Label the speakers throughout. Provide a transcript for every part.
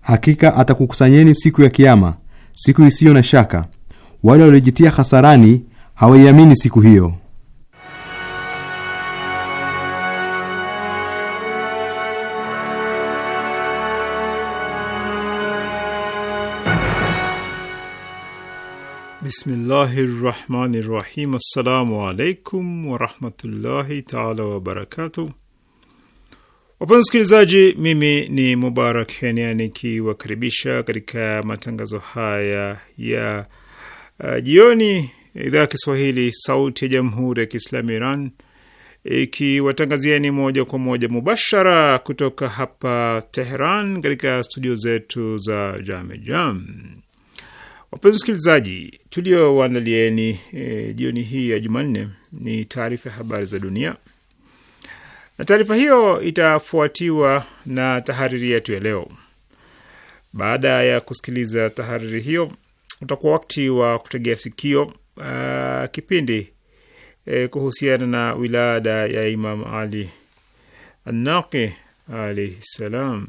Speaker 1: Hakika atakukusanyeni siku ya Kiama, siku isiyo na
Speaker 2: shaka. Wale waliojitia hasarani hawaiamini siku hiyo. Bismillahi rahmani rahim. Assalamu alaikum warahmatullahi taala wabarakatuh. Wapenzi msikilizaji mimi ni Mubarak Kenya nikiwakaribisha katika matangazo haya ya uh, jioni, idhaa ya Kiswahili sauti ya jamhuri ya Kiislamu Iran ikiwatangazieni moja kwa moja mubashara kutoka hapa Teheran katika studio zetu za Jamejam. Wapenzi msikilizaji tuliowaandalieni e, jioni hii ya Jumanne ni taarifa ya habari za dunia na taarifa hiyo itafuatiwa na tahariri yetu ya leo. Baada ya kusikiliza tahariri hiyo, utakuwa wakati wa kutegea sikio uh, kipindi eh, kuhusiana na wilada ya Imam Ali Anaki alaihi salam.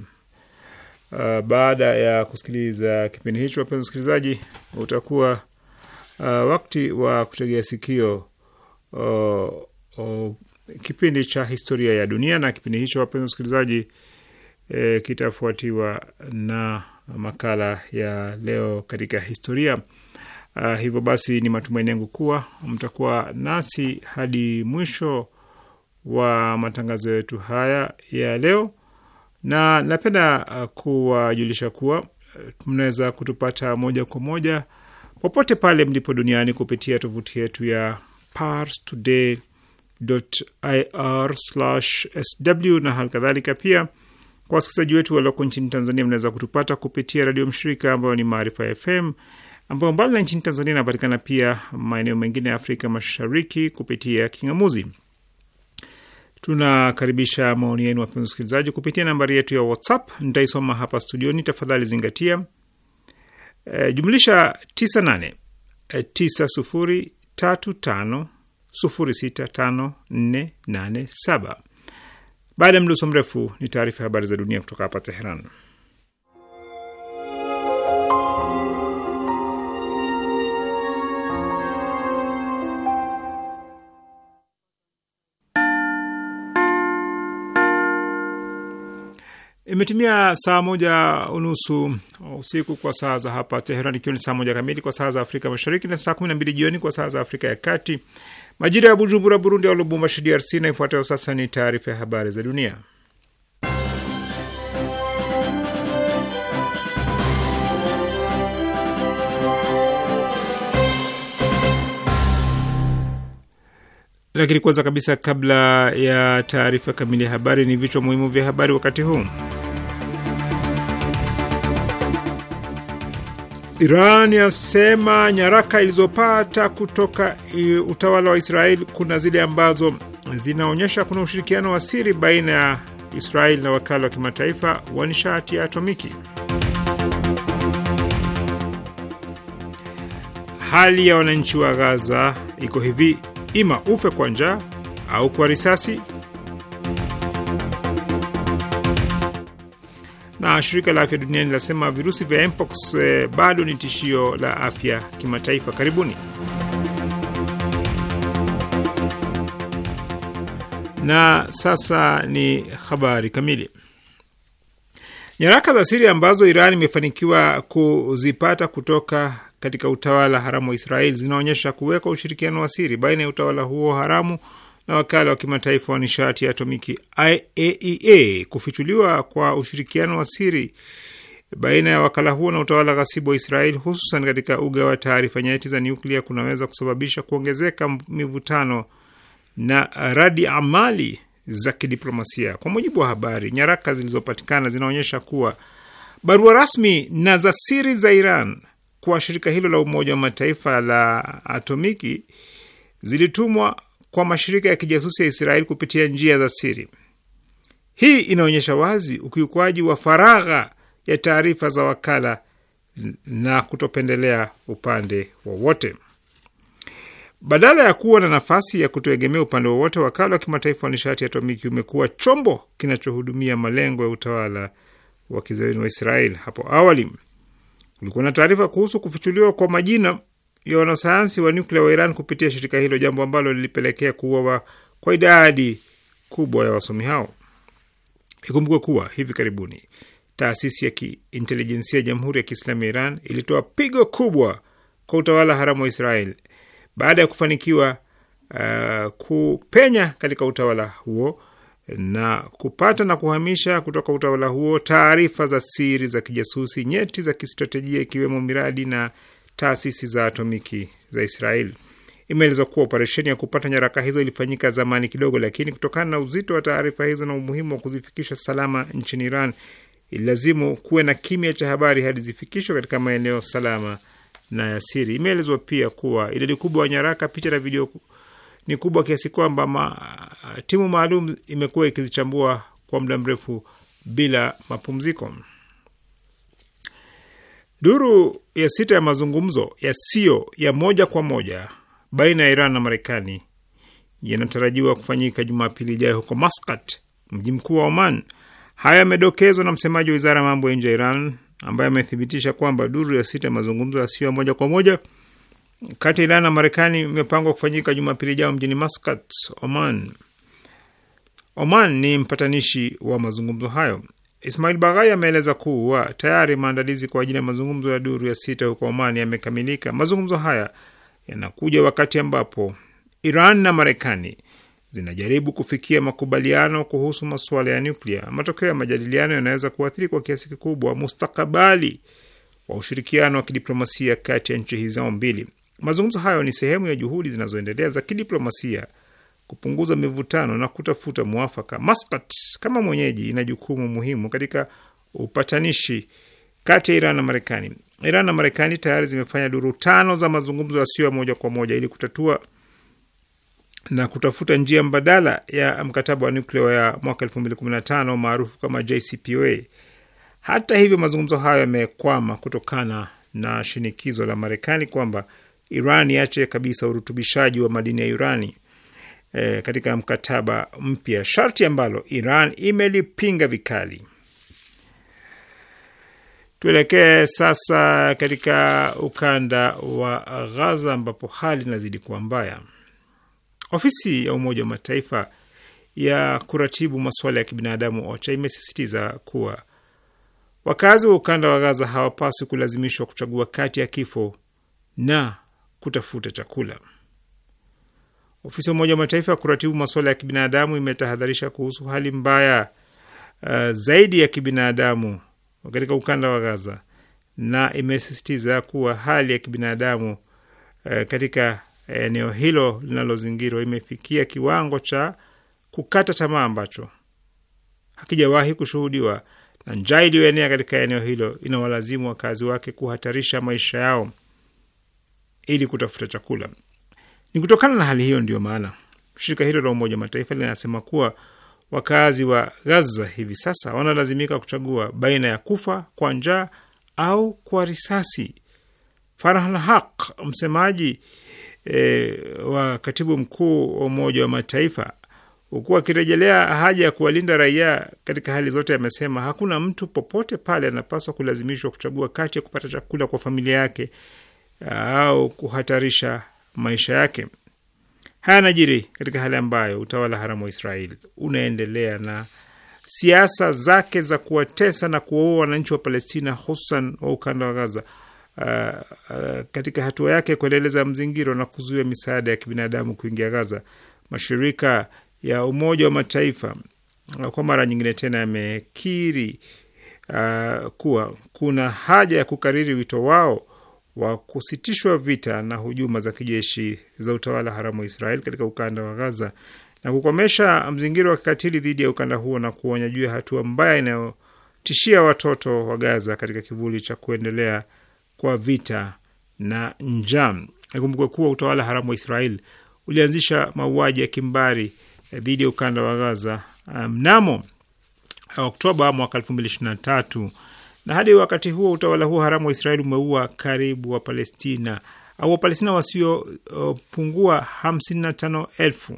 Speaker 2: Uh, baada ya kusikiliza kipindi hicho, wapenzi wasikilizaji, utakuwa uh, wakati wa kutegea sikio uh, uh, kipindi cha historia ya dunia, na kipindi hicho wapenzi wasikilizaji, e, kitafuatiwa na makala ya leo katika historia. Uh, hivyo basi ni matumaini yangu kuwa mtakuwa nasi hadi mwisho wa matangazo yetu haya ya leo, na napenda ah, kuwajulisha kuwa eh, mnaweza kutupata moja kwa moja popote pale mlipo duniani kupitia tovuti yetu ya Pars Today sw na hali kadhalika. Pia kwa wasikilizaji wetu walioko nchini Tanzania, mnaweza kutupata kupitia redio mshirika ambayo ni Maarifa FM, ambayo mbali na nchini Tanzania inapatikana pia maeneo mengine ya Afrika Mashariki kupitia king'amuzi. Tunakaribisha maoni yenu wapenzi wasikilizaji, kupitia nambari yetu ya WhatsApp. Nitaisoma hapa studioni, tafadhali zingatia. E, jumlisha 98 9035 065487. Baada ya mdoso mrefu ni taarifa ya habari za dunia kutoka hapa Teheran. Imetimia saa moja unusu usiku kwa saa za hapa Teheran, ikiwa ni saa moja kamili kwa saa za Afrika Mashariki na saa kumi na mbili jioni kwa saa za Afrika ya Kati, majira ya Bujumbura, Burundi, au Lubumbashi, DRC. Na ifuatayo sasa ni taarifa ya habari za dunia, lakini kwanza kabisa, kabla ya taarifa kamili ya habari, ni vichwa muhimu vya habari wakati huu. Iran yasema nyaraka ilizopata kutoka utawala wa Israeli kuna zile ambazo zinaonyesha kuna ushirikiano wa siri baina ya Israeli na wakala wa kimataifa wa nishati ya atomiki. Hali ya wananchi wa Gaza iko hivi: ima ufe kwa njaa au kwa risasi. shirika la afya duniani linasema virusi vya mpox eh, bado ni tishio la afya kimataifa. Karibuni na sasa ni habari kamili. Nyaraka za siri ambazo Iran imefanikiwa kuzipata kutoka katika utawala haramu wa Israeli zinaonyesha kuwekwa ushirikiano wa siri baina ya utawala huo haramu na wakala wa kimataifa wa nishati ya atomiki IAEA e kufichuliwa kwa ushirikiano wa siri baina ya wakala huo na utawala ghasibu wa Israeli hususan katika uga wa taarifa nyeti za nyuklia kunaweza kusababisha kuongezeka mivutano na radi amali za kidiplomasia. Kwa mujibu wa habari, nyaraka zilizopatikana zinaonyesha kuwa barua rasmi na za siri za Iran kwa shirika hilo la Umoja wa Mataifa la atomiki zilitumwa kwa mashirika ya kijasusi ya Israeli kupitia njia za siri. Hii inaonyesha wazi ukiukwaji wa faragha ya taarifa za wakala na kutopendelea upande wowote. Badala ya kuwa na nafasi ya kutoegemea upande wowote, wakala wa kimataifa wa nishati ya atomiki umekuwa chombo kinachohudumia malengo ya utawala wa kizayuni wa Israeli. Hapo awali kulikuwa na taarifa kuhusu kufichuliwa kwa majina ya wanasayansi wa nyuklia wa Iran kupitia shirika hilo, jambo ambalo lilipelekea kuuawa kwa idadi kubwa ya wasomi hao. Ikumbukwe kuwa hivi karibuni taasisi ya kiintelijensia ya Jamhuri ya Kiislamu ya Iran ilitoa pigo kubwa kwa utawala haramu wa Israel baada ya kufanikiwa uh, kupenya katika utawala huo na kupata na kuhamisha kutoka utawala huo taarifa za siri za kijasusi nyeti za kistratejia ikiwemo miradi na taasisi za atomiki za Israeli. Imeelezwa kuwa operesheni ya kupata nyaraka hizo ilifanyika zamani kidogo, lakini kutokana na uzito wa taarifa hizo na umuhimu wa kuzifikisha salama nchini Iran, ililazimu kuwe na kimya cha habari hadi zifikishwe katika maeneo salama na ya siri. Imeelezwa pia kuwa idadi kubwa ya nyaraka, picha na video ni kubwa kiasi kwamba ma, timu maalum imekuwa ikizichambua kwa muda mrefu bila mapumziko. Duru ya sita ya mazungumzo yasiyo ya moja kwa moja baina ya Iran na Marekani yanatarajiwa kufanyika Jumapili ijayo huko Maskat, mji mkuu wa Oman. Haya yamedokezwa na msemaji wa wizara ya mambo ya nje ya Iran ambaye amethibitisha kwamba duru ya sita ya mazungumzo yasiyo ya moja kwa moja kati ya Iran na Marekani imepangwa kufanyika Jumapili ijayo mjini Maskat, Oman. Oman ni mpatanishi wa mazungumzo hayo. Ismail Baghai ameeleza kuwa tayari maandalizi kwa ajili ya mazungumzo ya duru ya sita huko Omani yamekamilika. Mazungumzo haya yanakuja wakati ambapo Iran na Marekani zinajaribu kufikia makubaliano kuhusu masuala ya nyuklia. Matokeo ya majadiliano yanaweza kuathiri kwa kiasi kikubwa mustakabali wa ushirikiano wa kidiplomasia kati ya nchi hizo mbili. Mazungumzo hayo ni sehemu ya juhudi zinazoendelea za kidiplomasia kupunguza mivutano na kutafuta mwafaka. Maskat kama mwenyeji ina jukumu muhimu katika upatanishi kati ya Iran na Marekani. Iran na Marekani tayari zimefanya duru tano za mazungumzo yasiyo ya moja kwa moja ili kutatua na kutafuta njia mbadala ya mkataba wa nyuklia ya mwaka 2015 maarufu kama JCPOA. Hata hivyo, mazungumzo hayo yamekwama kutokana na shinikizo la Marekani kwamba Iran iache kabisa urutubishaji wa madini ya urani e, katika mkataba mpya, sharti ambalo Iran imelipinga vikali. Tuelekee sasa katika ukanda wa Ghaza ambapo hali inazidi kuwa mbaya. Ofisi ya Umoja wa Mataifa ya kuratibu masuala ya kibinadamu OCHA imesisitiza kuwa wakazi wa ukanda wa Gaza hawapaswi kulazimishwa kuchagua kati ya kifo na kutafuta chakula. Ofisi ya Umoja wa Mataifa ya kuratibu masuala ya kibinadamu imetahadharisha kuhusu hali mbaya uh, zaidi ya kibinadamu katika ukanda wa Gaza na imesisitiza kuwa hali ya kibinadamu uh, katika eneo uh, hilo linalozingirwa imefikia kiwango cha kukata tamaa ambacho hakijawahi kushuhudiwa na njaa iliyoenea katika eneo hilo inawalazimu wakazi wake kuhatarisha maisha yao ili kutafuta chakula. Ni kutokana na hali hiyo ndiyo maana shirika hilo la Umoja Mataifa linasema kuwa wakazi wa Gaza hivi sasa wanalazimika kuchagua baina ya kufa kwa njaa au kwa risasi. Farhan Haq, msemaji e, wa katibu mkuu wa Umoja wa Mataifa, huku akirejelea haja ya kuwalinda raia katika hali zote, amesema hakuna mtu popote pale anapaswa kulazimishwa kuchagua kati ya kupata chakula kwa familia yake au kuhatarisha maisha yake. Haya najiri katika hali ambayo utawala haramu wa Israeli unaendelea na siasa zake za kuwatesa na kuwaua wananchi wa Palestina, hususan wa ukanda wa Gaza. Uh, uh, katika hatua yake kuendeleza mzingiro na kuzuia misaada ya kibinadamu kuingia Gaza, mashirika ya Umoja wa Mataifa uh, kwa mara nyingine tena yamekiri uh, kuwa kuna haja ya kukariri wito wao wa kusitishwa vita na hujuma za kijeshi za utawala haramu wa Israel katika ukanda wa Gaza na kukomesha mzingiro wa kikatili dhidi ya ukanda huo na kuonya juu ya hatua mbaya inayotishia watoto wa Gaza katika kivuli cha kuendelea kwa vita na njaa. Ikumbukwe kuwa utawala haramu wa Israel ulianzisha mauaji ya kimbari eh, dhidi ya ukanda wa Gaza eh, mnamo um, Oktoba mwaka elfu mbili ishirini na tatu na hadi wakati huo utawala huo haramu wa Israeli umeua karibu Wapalestina au Wapalestina wasiopungua uh, hamsini na tano elfu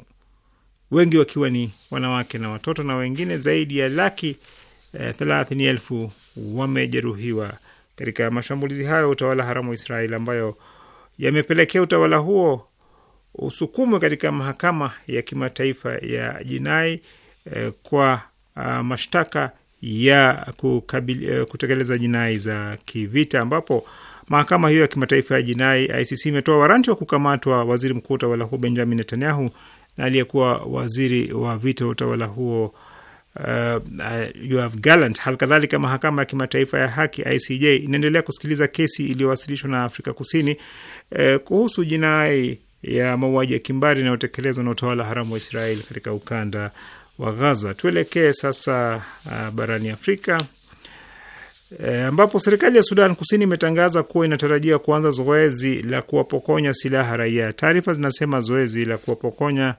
Speaker 2: wengi wakiwa ni wanawake na watoto na wengine zaidi ya laki eh, thelathini elfu wamejeruhiwa katika mashambulizi hayo utawala haramu wa israel ambayo yamepelekea utawala huo usukumwe katika mahakama ya kimataifa ya jinai eh, kwa ah, mashtaka ya kukabili, eh, kutekeleza jinai za kivita ambapo mahakama hiyo ya kimataifa ya jinai ICC imetoa waranti wa kukamatwa waziri mkuu wa utawala huo Benjamin Netanyahu na aliyekuwa waziri wa vita wa utawala huo uh, Yoav Gallant. kadhalika mahakama ya kimataifa ya haki ICJ inaendelea kusikiliza kesi iliyowasilishwa na Afrika Kusini eh, kuhusu jinai ya mauaji ya kimbari inayotekelezwa na utawala haramu wa Israeli katika ukanda wa Gaza. Tuelekee sasa uh, barani Afrika eh, ambapo serikali ya Sudan Kusini imetangaza kuwa inatarajia kuanza zoezi la kuwapokonya silaha raia. Taarifa zinasema zoezi la kuwapokonya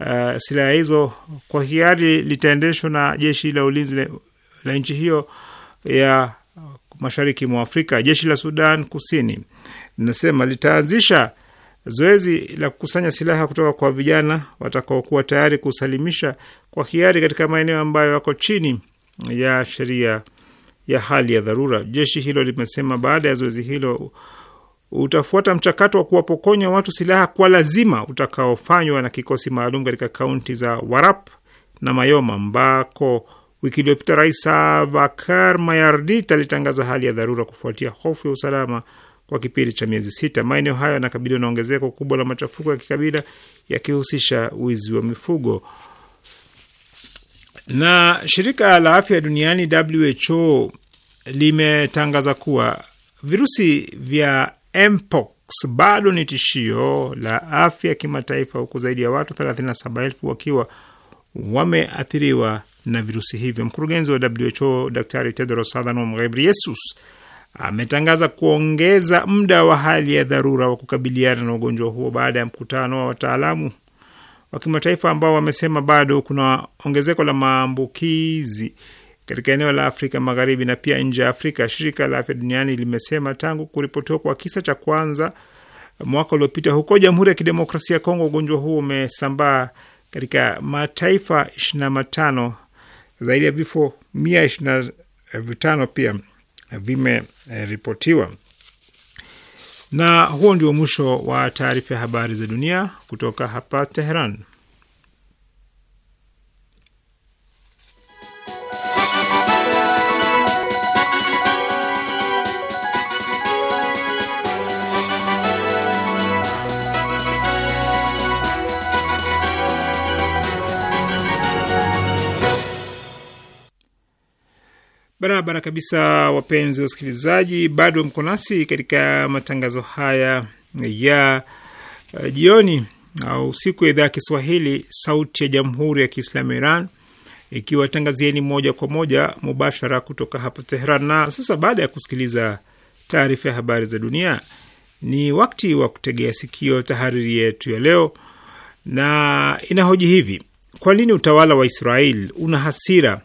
Speaker 2: uh, silaha hizo kwa hiari litaendeshwa na jeshi la ulinzi la nchi hiyo ya mashariki mwa Afrika. Jeshi la Sudan Kusini linasema litaanzisha Zoezi la kukusanya silaha kutoka kwa vijana watakaokuwa tayari kusalimisha kwa hiari katika maeneo ambayo yako chini ya sheria ya hali ya dharura, jeshi hilo limesema. Baada ya zoezi hilo utafuata mchakato wa kuwapokonya watu silaha kwa lazima utakaofanywa na kikosi maalum katika kaunti za Warap na Mayoma ambako wiki iliyopita Rais Abakar Mayardit alitangaza hali ya dharura kufuatia hofu ya usalama kwa kipindi cha miezi sita. Maeneo hayo yanakabiliwa na ongezeko kubwa la machafuko ya kikabila yakihusisha wizi wa mifugo. Na shirika la afya duniani WHO limetangaza kuwa virusi vya mpox bado ni tishio la afya kimataifa, huku zaidi ya watu 37,000 wakiwa wameathiriwa na virusi hivyo. Mkurugenzi wa WHO Daktari Tedros Adhanom Ghebreyesus ametangaza kuongeza muda wa hali ya dharura wa kukabiliana na ugonjwa huo baada ya mkutano wa wataalamu wa kimataifa ambao wamesema bado kuna ongezeko la maambukizi katika eneo la Afrika Magharibi na pia nje ya Afrika. Shirika la Afya Duniani limesema tangu kuripotiwa kwa kisa cha kwanza mwaka uliopita huko Jamhuri ya Kidemokrasia ya Kongo, ugonjwa huo umesambaa katika mataifa 25 zaidi ya vifo mia pia vimeripotiwa. Na huo ndio mwisho wa taarifa ya habari za dunia kutoka hapa Teheran. Barabara kabisa, wapenzi wasikilizaji, bado mko nasi katika matangazo haya ya uh, jioni au siku ya idhaa ya Kiswahili sauti ya jamhuri ya Kiislamu Iran ikiwatangazieni moja kwa moja mubashara kutoka hapa Tehran. Na sasa baada ya kusikiliza taarifa ya habari za dunia, ni wakati wa kutegea sikio tahariri yetu ya leo, na inahoji hivi: kwa nini utawala wa Israel una hasira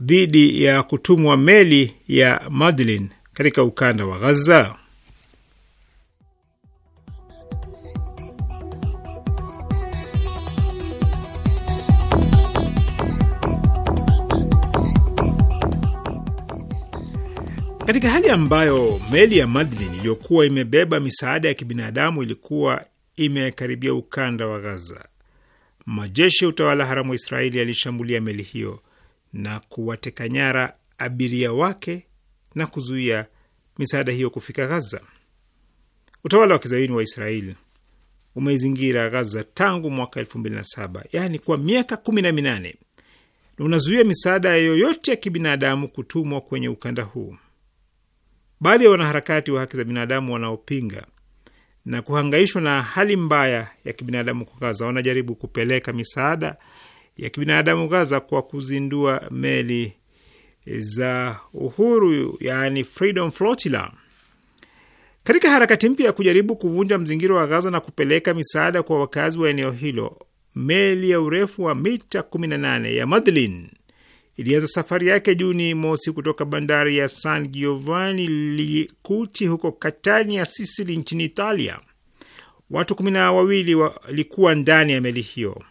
Speaker 2: dhidi ya kutumwa meli ya Madlin katika ukanda wa Gaza. Katika hali ambayo meli ya Madlin iliyokuwa imebeba misaada ya kibinadamu ilikuwa imekaribia ukanda wa Gaza, Majeshi ya utawala haramu wa Israeli yalishambulia meli hiyo na kuwateka nyara abiria wake na kuzuia misaada hiyo kufika Gaza. Utawala wa kizayuni wa Israeli umeizingira Gaza tangu mwaka elfu mbili na saba yaani kwa miaka kumi na minane na unazuia misaada yoyote ya kibinadamu kutumwa kwenye ukanda huu. Baadhi ya wanaharakati wa haki za binadamu wanaopinga na kuhangaishwa na hali mbaya ya kibinadamu kwa Gaza, wanajaribu kupeleka misaada ya kibinadamu Gaza kwa kuzindua meli za uhuru, yaani Freedom Flotilla. Katika harakati mpya ya kujaribu kuvunja mzingiro wa Gaza na kupeleka misaada kwa wakazi wa eneo hilo, meli ya urefu wa mita 18 ya Madlin ilianza safari yake Juni mosi kutoka bandari ya San Giovanni Likuti huko Catania, Sisili, nchini Italia. Watu kumi na wawili walikuwa ndani ya meli hiyo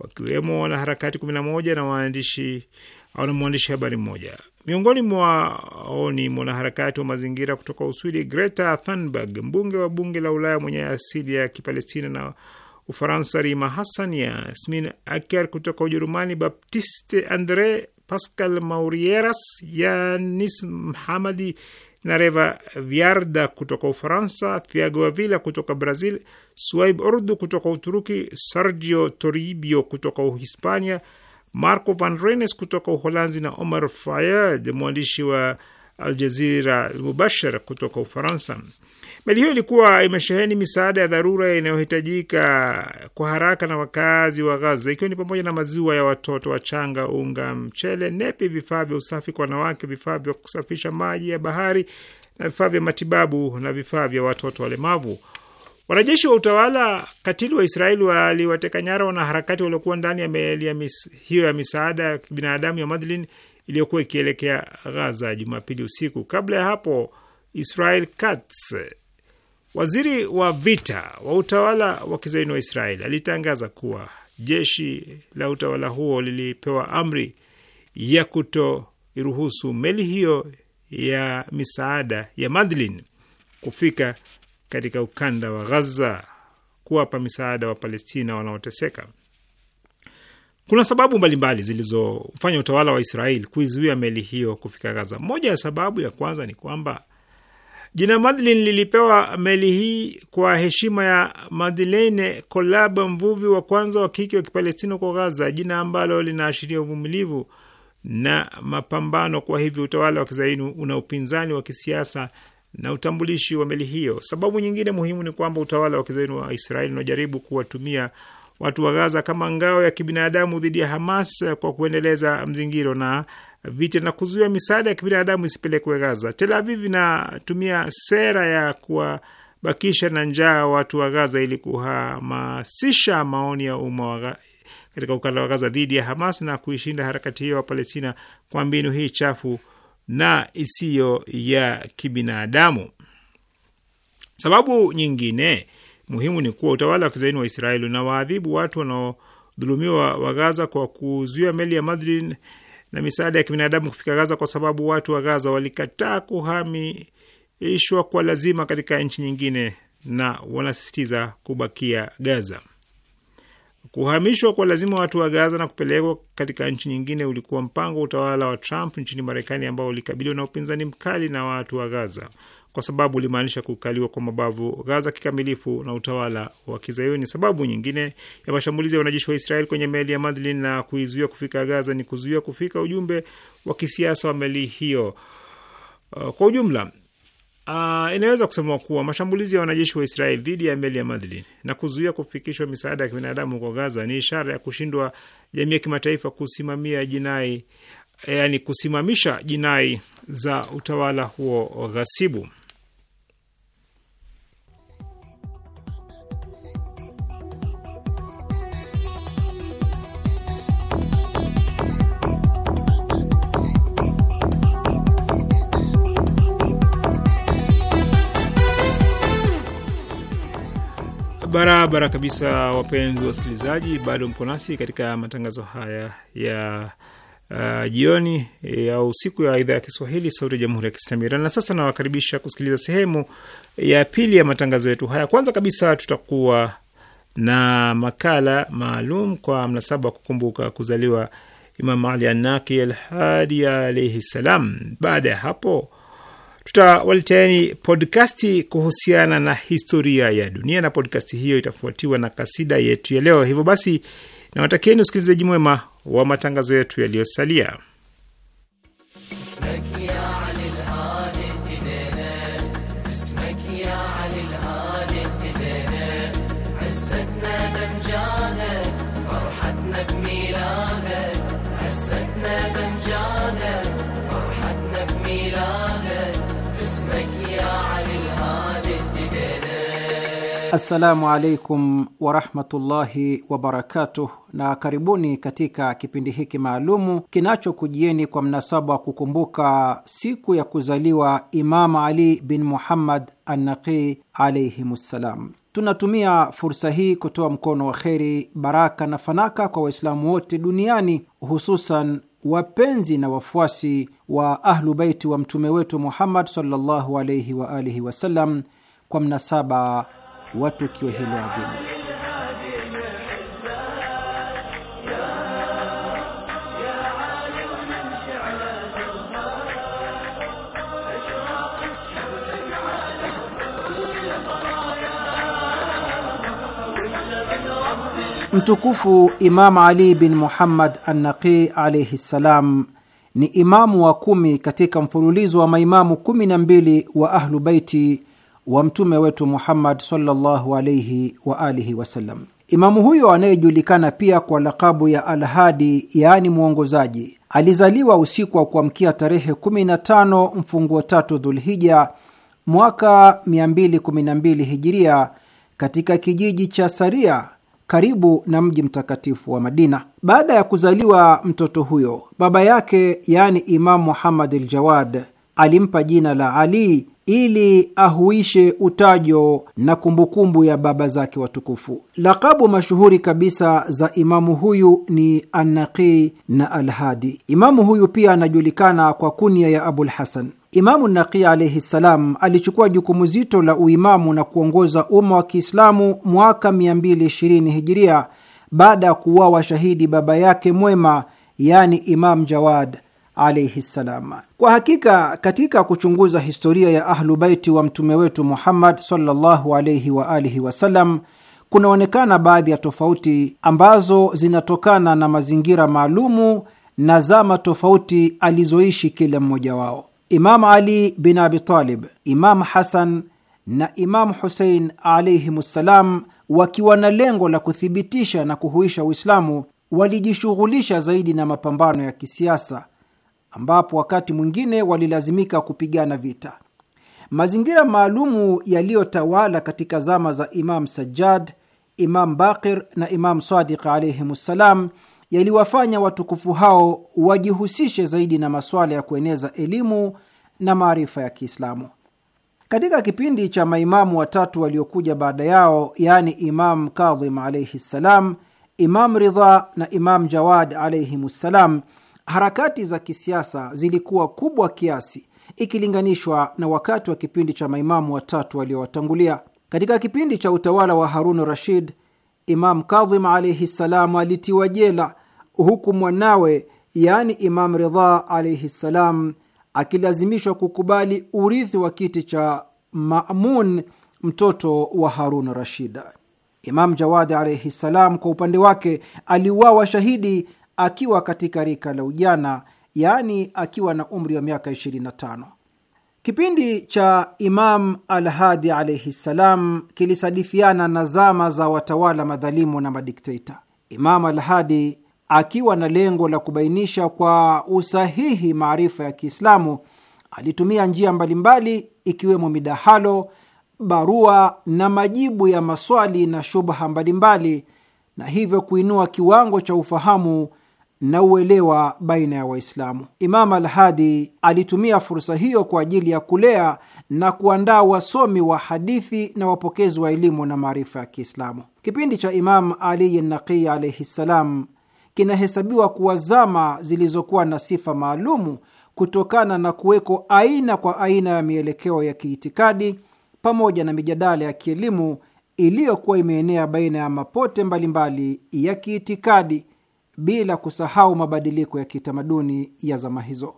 Speaker 2: wakiwemo wanaharakati kumi na moja na waandishi au na mwandishi habari mmoja. Miongoni mwao ni mwanaharakati wa mazingira kutoka Uswidi Greta Thunberg, mbunge wa bunge la Ulaya mwenye asili ya Kipalestina na Ufaransa Rima Hassan, Yasmin Aker kutoka Ujerumani, Baptiste Andre Pascal Maurieras, Yanis Mhamadi na Reva Viarda kutoka Ufaransa, Thiago Avila kutoka Brazil, Suaib Ordu kutoka Uturuki, Sergio Toribio kutoka Uhispania, Marco Van Renes kutoka Uholanzi na Omar Fayad, mwandishi wa Aljazira Almubashara kutoka Ufaransa. Meli hiyo ilikuwa imesheheni misaada ya dharura inayohitajika kwa haraka na wakazi wa Gaza, ikiwa ni pamoja na maziwa ya watoto wachanga, unga, mchele, nepi, vifaa vya usafi kwa wanawake, vifaa vya kusafisha maji ya bahari na vifaa vya matibabu na vifaa vya watoto walemavu. Wanajeshi wa utawala katili wa Israeli waliwateka nyara wanaharakati waliokuwa ndani ya meli ya mis, hiyo ya misaada ya kibinadamu ya Madlin iliyokuwa ikielekea Gaza Jumapili usiku. Kabla ya hapo, Israel Katz Waziri wa vita wa utawala wa kizaini wa Israeli alitangaza kuwa jeshi la utawala huo lilipewa amri ya kutoiruhusu meli hiyo ya misaada ya Madlin kufika katika ukanda wa Gaza kuwapa misaada wa Palestina wanaoteseka. Kuna sababu mbalimbali zilizofanya utawala wa Israeli kuizuia meli hiyo kufika Gaza. Moja ya sababu ya kwanza ni kwamba Jina Madlin lilipewa meli hii kwa heshima ya Madlene Kolab, mvuvi wa kwanza wa kike wa Kipalestina kwa Gaza, jina ambalo linaashiria uvumilivu na mapambano. Kwa hivyo utawala wa kizaini una upinzani wa kisiasa na utambulishi wa meli hiyo. Sababu nyingine muhimu ni kwamba utawala wa kizaini wa Israeli unajaribu kuwatumia watu wa Gaza kama ngao ya kibinadamu dhidi ya Hamas kwa kuendeleza mzingiro na vita na kuzuia misaada ya kibinadamu isipelekwe Gaza. Tel Aviv inatumia sera ya kuwabakisha na njaa watu wa Gaza ili kuhamasisha maoni ya umma katika ukanda wa Gaza dhidi ya Hamas na kuishinda harakati hiyo wa Palestina kwa mbinu hii chafu na isiyo ya kibinadamu. Sababu nyingine muhimu ni kuwa utawala wa kizaini wa Israeli unawaadhibu watu wanaodhulumiwa wa Gaza kwa kuzuia meli ya Madrid na misaada ya kibinadamu kufika Gaza kwa sababu watu wa Gaza walikataa kuhamishwa kwa lazima katika nchi nyingine na wanasisitiza kubakia Gaza. Kuhamishwa kwa lazima watu wa Gaza na kupelekwa katika nchi nyingine ulikuwa mpango wa utawala wa Trump nchini Marekani ambao ulikabiliwa na upinzani mkali na watu wa Gaza kwa sababu ulimaanisha kukaliwa kwa mabavu Gaza kikamilifu na utawala wa Kizayuni. Sababu nyingine ya mashambulizi ya wanajeshi wa Israeli kwenye meli ya Madlin na kuizuia kufika Gaza ni kuzuia kufika ujumbe wa kisiasa wa meli hiyo. Uh, kwa ujumla Uh, inaweza kusema kuwa mashambulizi ya wanajeshi wa Israeli dhidi ya meli ya Madlin na kuzuia kufikishwa misaada ya kibinadamu huko Gaza ni ishara ya kushindwa jamii ya kimataifa kusimamia jinai, eh, yani kusimamisha jinai za utawala huo ghasibu. Barabara kabisa, wapenzi wasikilizaji, bado mko nasi katika matangazo haya ya uh, jioni ya usiku ya idhaa ya Kiswahili sauti ya jamhuri ya Kiislamu Iran. Na sasa nawakaribisha kusikiliza sehemu ya pili ya matangazo yetu haya. Kwanza kabisa tutakuwa na makala maalum kwa mnasaba wa kukumbuka kuzaliwa Imam Ali Anaki Alhadi alaihi salam. Baada ya hapo tutawaleteani podkasti kuhusiana na historia ya dunia, na podkasti hiyo itafuatiwa na kasida yetu ya leo. Hivyo basi, nawatakieni usikilizaji mwema wa matangazo yetu yaliyosalia.
Speaker 3: Assalamu alaikum warahmatullahi wabarakatuh, na karibuni katika kipindi hiki maalumu kinachokujieni kwa mnasaba wa kukumbuka siku ya kuzaliwa Imam Ali bin Muhammad Annaqi ssalam. Tunatumia fursa hii kutoa mkono wa kheri, baraka na fanaka kwa Waislamu wote duniani, hususan wapenzi na wafuasi wa Ahlu Baiti wa mtume wetu Muhammad sallallahu alaihi waalihi wasallam kwa mnasaba watu wakiwa hilo adhimu. Mtukufu Imam Ali bin Muhammad Annaqi alaihi ssalam ni imamu wa kumi katika mfululizo wa maimamu kumi na mbili wa Ahlubeiti wa mtume wetu Muhammad sallallahu alaihi wa alihi wasallam. Imamu huyo anayejulikana pia kwa lakabu ya Alhadi, yaani mwongozaji, alizaliwa usiku wa kuamkia tarehe 15 mfunguo tatu Dhulhija mwaka 212 hijiria katika kijiji cha Saria karibu na mji mtakatifu wa Madina. Baada ya kuzaliwa mtoto huyo, baba yake yaani Imamu Muhammad Aljawad alimpa jina la Ali ili ahuishe utajo na kumbukumbu ya baba zake watukufu. Lakabu mashuhuri kabisa za imamu huyu ni Annaqi na Alhadi. Imamu huyu pia anajulikana kwa kunia ya Abul Hasan. Imamu Naqi alaihi ssalam alichukua jukumu zito la uimamu na kuongoza umma wa Kiislamu mwaka 220 hijiria baada ya kuuawa shahidi baba yake mwema, yani Imam Jawad alaihi ssalam. Kwa hakika katika kuchunguza historia ya Ahlu Baiti wa mtume wetu Muhammad sallallahu alaihi wa alihi wasallam kunaonekana baadhi ya tofauti ambazo zinatokana na mazingira maalumu na zama tofauti alizoishi kila mmoja wao. Imam Ali bin Abi Talib, Imam Hasan na Imamu Husein alaihim ssalam, wakiwa na lengo la kuthibitisha na kuhuisha Uislamu, walijishughulisha zaidi na mapambano ya kisiasa ambapo wakati mwingine walilazimika kupigana vita. Mazingira maalumu yaliyotawala katika zama za Imam Sajjad, Imam Bakir na Imam Sadiq ssalam yaliwafanya watukufu hao wajihusishe zaidi na masuala ya kueneza elimu na maarifa ya Kiislamu. Katika kipindi cha maimamu watatu waliokuja baada yao, yaani Imam Kadhim alaihi ssalam, Imam Ridha na Imam Jawad alaihimussalam harakati za kisiasa zilikuwa kubwa kiasi ikilinganishwa na wakati wa kipindi cha maimamu watatu waliowatangulia. Katika kipindi cha utawala wa Harun Rashid, Imam Kadhim alaihi ssalam alitiwa jela, huku mwanawe yaani Imam Ridha alaihi ssalam akilazimishwa kukubali urithi wa kiti cha Mamun, mtoto wa Harun Rashid. Imam Jawadi alaihi ssalam kwa upande wake aliuawa shahidi akiwa katika rika la ujana, yaani akiwa na umri wa miaka 25. Kipindi cha Imam Alhadi alaihi ssalam kilisadifiana na zama za watawala madhalimu na madikteta. Imam Alhadi akiwa na lengo la kubainisha kwa usahihi maarifa ya Kiislamu alitumia njia mbalimbali ikiwemo midahalo, barua na majibu ya maswali na shubha mbalimbali, na hivyo kuinua kiwango cha ufahamu na uelewa baina ya Waislamu. Imam Alhadi alitumia fursa hiyo kwa ajili ya kulea na kuandaa wasomi wa hadithi na wapokezi wa elimu na maarifa ya Kiislamu. Kipindi cha Imam Ali Naqi alaihi ssalam kinahesabiwa kuwa zama zilizokuwa na sifa maalumu kutokana na kuweko aina kwa aina ya mielekeo ya kiitikadi pamoja na mijadala ya kielimu iliyokuwa imeenea baina ya mapote mbalimbali mbali ya kiitikadi bila kusahau mabadiliko ya kitamaduni ya zama hizo.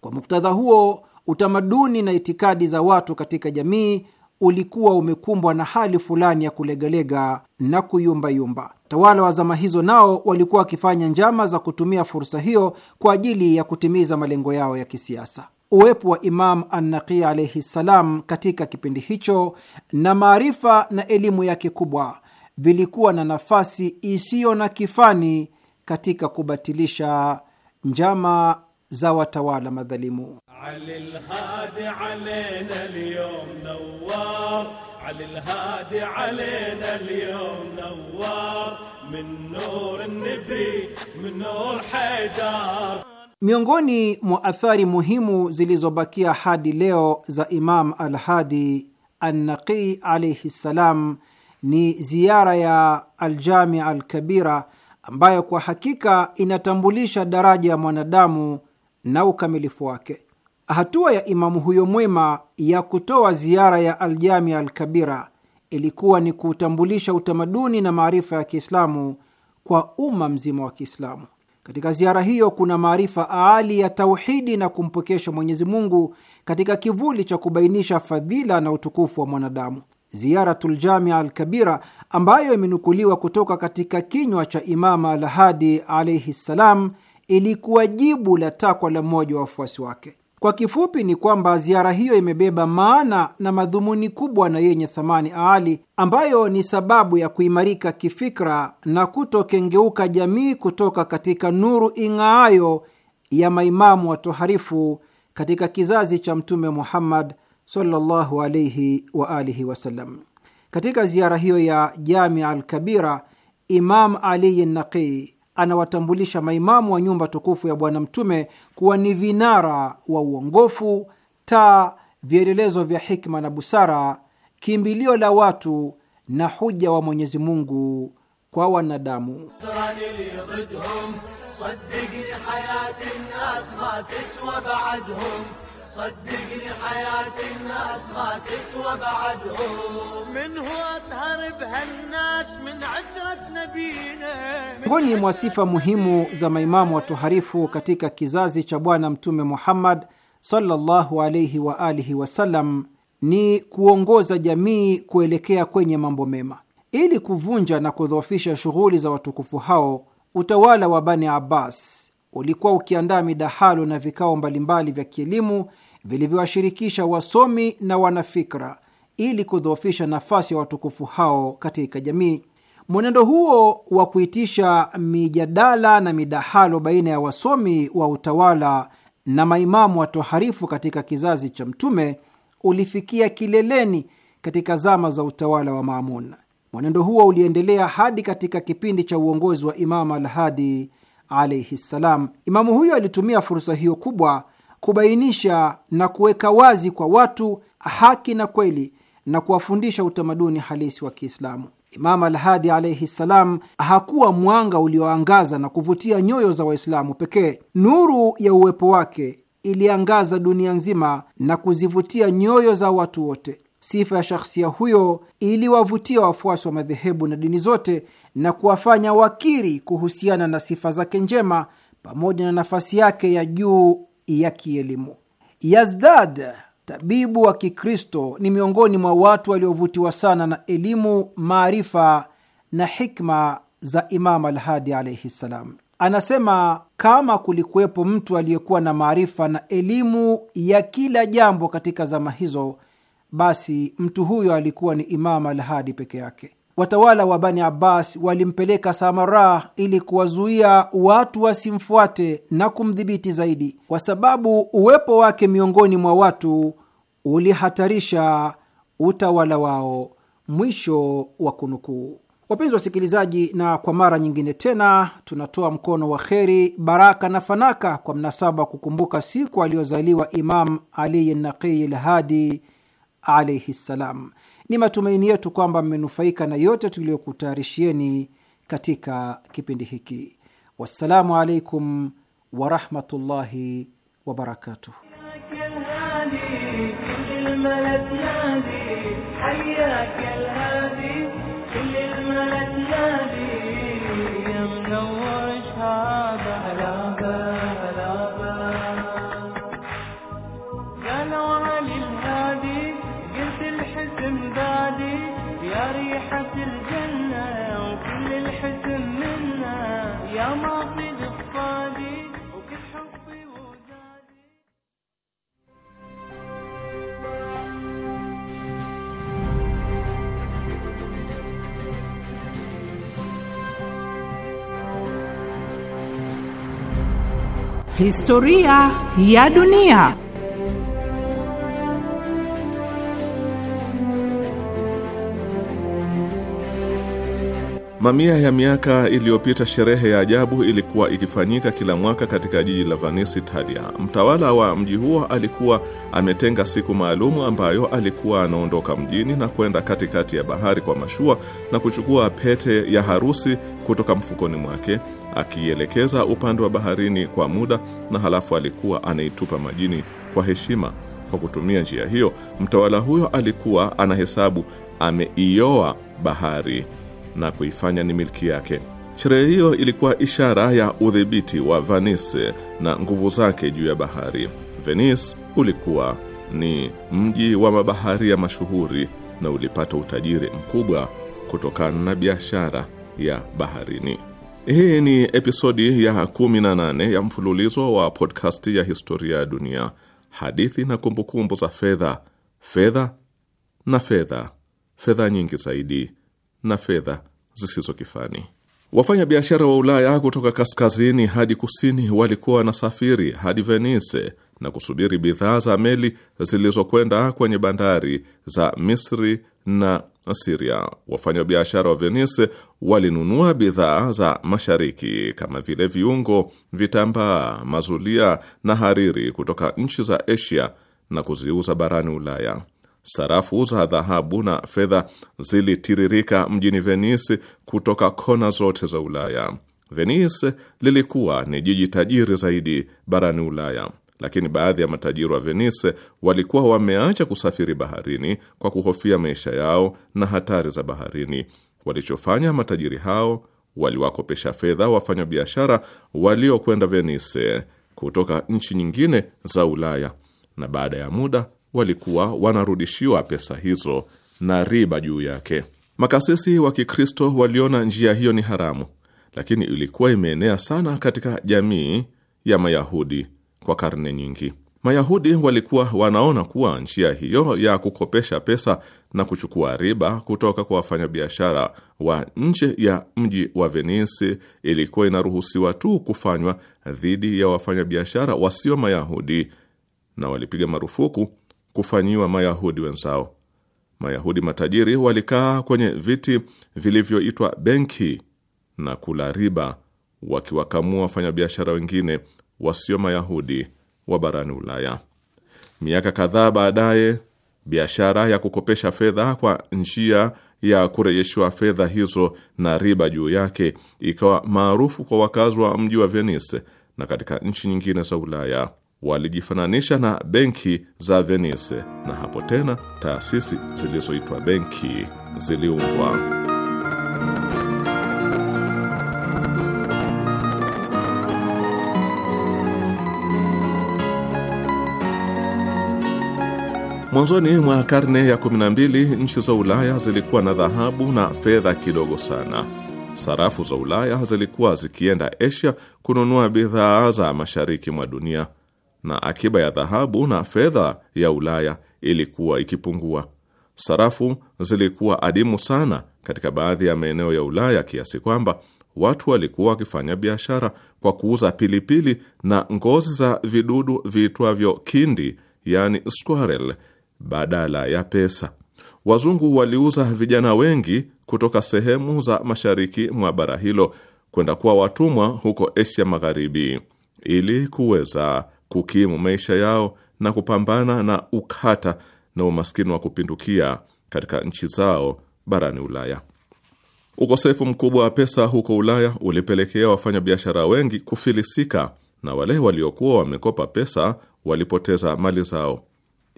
Speaker 3: Kwa muktadha huo, utamaduni na itikadi za watu katika jamii ulikuwa umekumbwa na hali fulani ya kulegalega na kuyumbayumba. Tawala wa zama hizo nao walikuwa wakifanya njama za kutumia fursa hiyo kwa ajili ya kutimiza malengo yao ya kisiasa. Uwepo wa Imam Annaqi alaihi ssalam katika kipindi hicho na maarifa na elimu yake kubwa vilikuwa na nafasi isiyo na kifani katika kubatilisha njama za watawala madhalimu. Miongoni mwa athari muhimu zilizobakia hadi leo za Imam Alhadi Annaqi alaihi ssalam ni ziara ya Aljamia Alkabira ambayo kwa hakika inatambulisha daraja ya mwanadamu na ukamilifu wake. Hatua ya imamu huyo mwema ya kutoa ziara ya Aljamia Alkabira ilikuwa ni kuutambulisha utamaduni na maarifa ya Kiislamu kwa umma mzima wa Kiislamu. Katika ziara hiyo kuna maarifa aali ya tauhidi na kumpokesha Mwenyezi Mungu katika kivuli cha kubainisha fadhila na utukufu wa mwanadamu. Ziyaratul Jamia Alkabira ambayo imenukuliwa kutoka katika kinywa cha Imama Alhadi alaihi ssalam ilikuwa jibu la takwa la mmoja wa wafuasi wake. Kwa kifupi ni kwamba ziara hiyo imebeba maana na madhumuni kubwa na yenye thamani aali, ambayo ni sababu ya kuimarika kifikra na kutokengeuka jamii kutoka katika nuru ing'aayo ya maimamu watoharifu katika kizazi cha Mtume Muhammad sallallahu wa alihi wasallam. Katika ziara hiyo ya Jamia Alkabira, Imam Ali Naqi anawatambulisha maimamu wa nyumba tukufu ya Bwana Mtume kuwa ni vinara wa uongofu, taa, vielelezo vya hikma na busara, kimbilio la watu na huja wa Mwenyezi Mungu kwa wanadamu.
Speaker 4: صدقني حياة الناس ما تسوى بعدهم من هو أطهر بهالناس من عترة
Speaker 3: نبينا Miongoni mwa sifa muhimu za maimamu watoharifu katika kizazi cha Bwana Mtume Muhammad sallallahu alayhi wa alihi wasallam ni kuongoza jamii kuelekea kwenye mambo mema. Ili kuvunja na kudhoofisha shughuli za watukufu hao, utawala wa Bani Abbas ulikuwa ukiandaa midahalo na vikao mbalimbali vya kielimu vilivyowashirikisha wasomi na wanafikra ili kudhoofisha nafasi ya watukufu hao katika jamii. Mwenendo huo wa kuitisha mijadala na midahalo baina ya wasomi wa utawala na maimamu watoharifu katika kizazi cha Mtume ulifikia kileleni katika zama za utawala wa Maamun. Mwenendo huo uliendelea hadi katika kipindi cha uongozi wa Imamu Alhadi alaihi ssalam. Imamu huyo alitumia fursa hiyo kubwa kubainisha na kuweka wazi kwa watu haki na kweli na kuwafundisha utamaduni halisi wa Kiislamu. Imam Alhadi alaihi ssalam hakuwa mwanga ulioangaza na kuvutia nyoyo za Waislamu pekee. Nuru ya uwepo wake iliangaza dunia nzima na kuzivutia nyoyo za watu wote. Sifa ya shakhsia huyo iliwavutia wafuasi wa madhehebu na dini zote na kuwafanya wakiri kuhusiana na sifa zake njema pamoja na nafasi yake ya juu ya kielimu. Yazdad, tabibu wa Kikristo, ni miongoni mwa watu waliovutiwa sana na elimu, maarifa na hikma za Imam Alhadi alaihi ssalam. Anasema kama kulikuwepo mtu aliyekuwa na maarifa na elimu ya kila jambo katika zama hizo, basi mtu huyo alikuwa ni Imam Alhadi peke yake watawala wa Bani Abbas walimpeleka Samara ili kuwazuia watu wasimfuate na kumdhibiti zaidi, kwa sababu uwepo wake miongoni mwa watu ulihatarisha utawala wao. Mwisho wa kunukuu. Wapenzi wasikilizaji, na kwa mara nyingine tena tunatoa mkono wa kheri, baraka na fanaka kwa mnasaba wa kukumbuka siku aliyozaliwa Imam Ali Naqiyi Lhadi alaihi ssalam. Ni matumaini yetu kwamba mmenufaika na yote tuliyokutayarishieni katika kipindi hiki. Wassalamu alaikum warahmatullahi wabarakatuh. Historia ya
Speaker 5: dunia.
Speaker 1: Mamia ya miaka iliyopita, sherehe ya ajabu ilikuwa ikifanyika kila mwaka katika jiji la Venice, Italia. Mtawala wa mji huo alikuwa ametenga siku maalumu ambayo alikuwa anaondoka mjini na kwenda katikati ya bahari kwa mashua na kuchukua pete ya harusi kutoka mfukoni mwake akielekeza upande wa baharini kwa muda, na halafu alikuwa anaitupa majini kwa heshima. Kwa kutumia njia hiyo, mtawala huyo alikuwa anahesabu ameioa bahari na kuifanya ni milki yake. Sherehe hiyo ilikuwa ishara ya udhibiti wa Venice na nguvu zake juu ya bahari. Venice ulikuwa ni mji wa mabaharia mashuhuri na ulipata utajiri mkubwa kutokana na biashara ya baharini. Hii ni episodi ya 18 ya mfululizo wa podcast ya historia ya dunia, hadithi na kumbukumbu za fedha, fedha na fedha, fedha nyingi zaidi na fedha zisizo kifani. Wafanya biashara wa Ulaya kutoka kaskazini hadi kusini walikuwa wanasafiri hadi venise na kusubiri bidhaa za meli zilizokwenda kwenye bandari za Misri na Siria. Wafanyabiashara wa venise walinunua bidhaa za mashariki kama vile viungo, vitambaa, mazulia na hariri kutoka nchi za Asia na kuziuza barani Ulaya. Sarafu za dhahabu na fedha zilitiririka mjini Venice kutoka kona zote za Ulaya. Venice lilikuwa ni jiji tajiri zaidi barani Ulaya, lakini baadhi ya matajiri wa Venice walikuwa wameacha kusafiri baharini kwa kuhofia maisha yao na hatari za baharini. Walichofanya matajiri hao, waliwakopesha fedha wafanyabiashara waliokwenda Venice kutoka nchi nyingine za Ulaya, na baada ya muda walikuwa wanarudishiwa pesa hizo na riba juu yake. Makasisi wa Kikristo waliona njia hiyo ni haramu, lakini ilikuwa imeenea sana katika jamii ya Mayahudi kwa karne nyingi. Mayahudi walikuwa wanaona kuwa njia hiyo ya kukopesha pesa na kuchukua riba kutoka kwa wafanyabiashara wa nje ya mji wa Venisi ilikuwa inaruhusiwa tu kufanywa dhidi ya wafanyabiashara wasio Mayahudi, na walipiga marufuku kufanyiwa Mayahudi wenzao. Mayahudi matajiri walikaa kwenye viti vilivyoitwa benki na kula riba, wakiwakamua wafanyabiashara wengine wasio Mayahudi wa barani Ulaya. Miaka kadhaa baadaye, biashara ya kukopesha fedha kwa njia ya kurejeshwa fedha hizo na riba juu yake ikawa maarufu kwa wakazi wa mji wa Venice na katika nchi nyingine za Ulaya walijifananisha na benki za Venice, na hapo tena taasisi zilizoitwa benki ziliundwa. Mwanzoni mwa karne ya 12 nchi za Ulaya zilikuwa na dhahabu na fedha kidogo sana. Sarafu za Ulaya zilikuwa zikienda Asia kununua bidhaa za mashariki mwa dunia na akiba ya dhahabu na fedha ya Ulaya ilikuwa ikipungua. Sarafu zilikuwa adimu sana katika baadhi ya maeneo ya Ulaya kiasi kwamba watu walikuwa wakifanya biashara kwa kuuza pilipili na ngozi za vidudu viitwavyo kindi, yani squirrel, badala ya pesa. Wazungu waliuza vijana wengi kutoka sehemu za mashariki mwa bara hilo kwenda kuwa watumwa huko Asia Magharibi ili kuweza kukimu maisha yao na kupambana na ukata na umaskini wa kupindukia katika nchi zao barani Ulaya. Ukosefu mkubwa wa pesa huko Ulaya ulipelekea wafanyabiashara wengi kufilisika na wale waliokuwa wamekopa pesa walipoteza mali zao.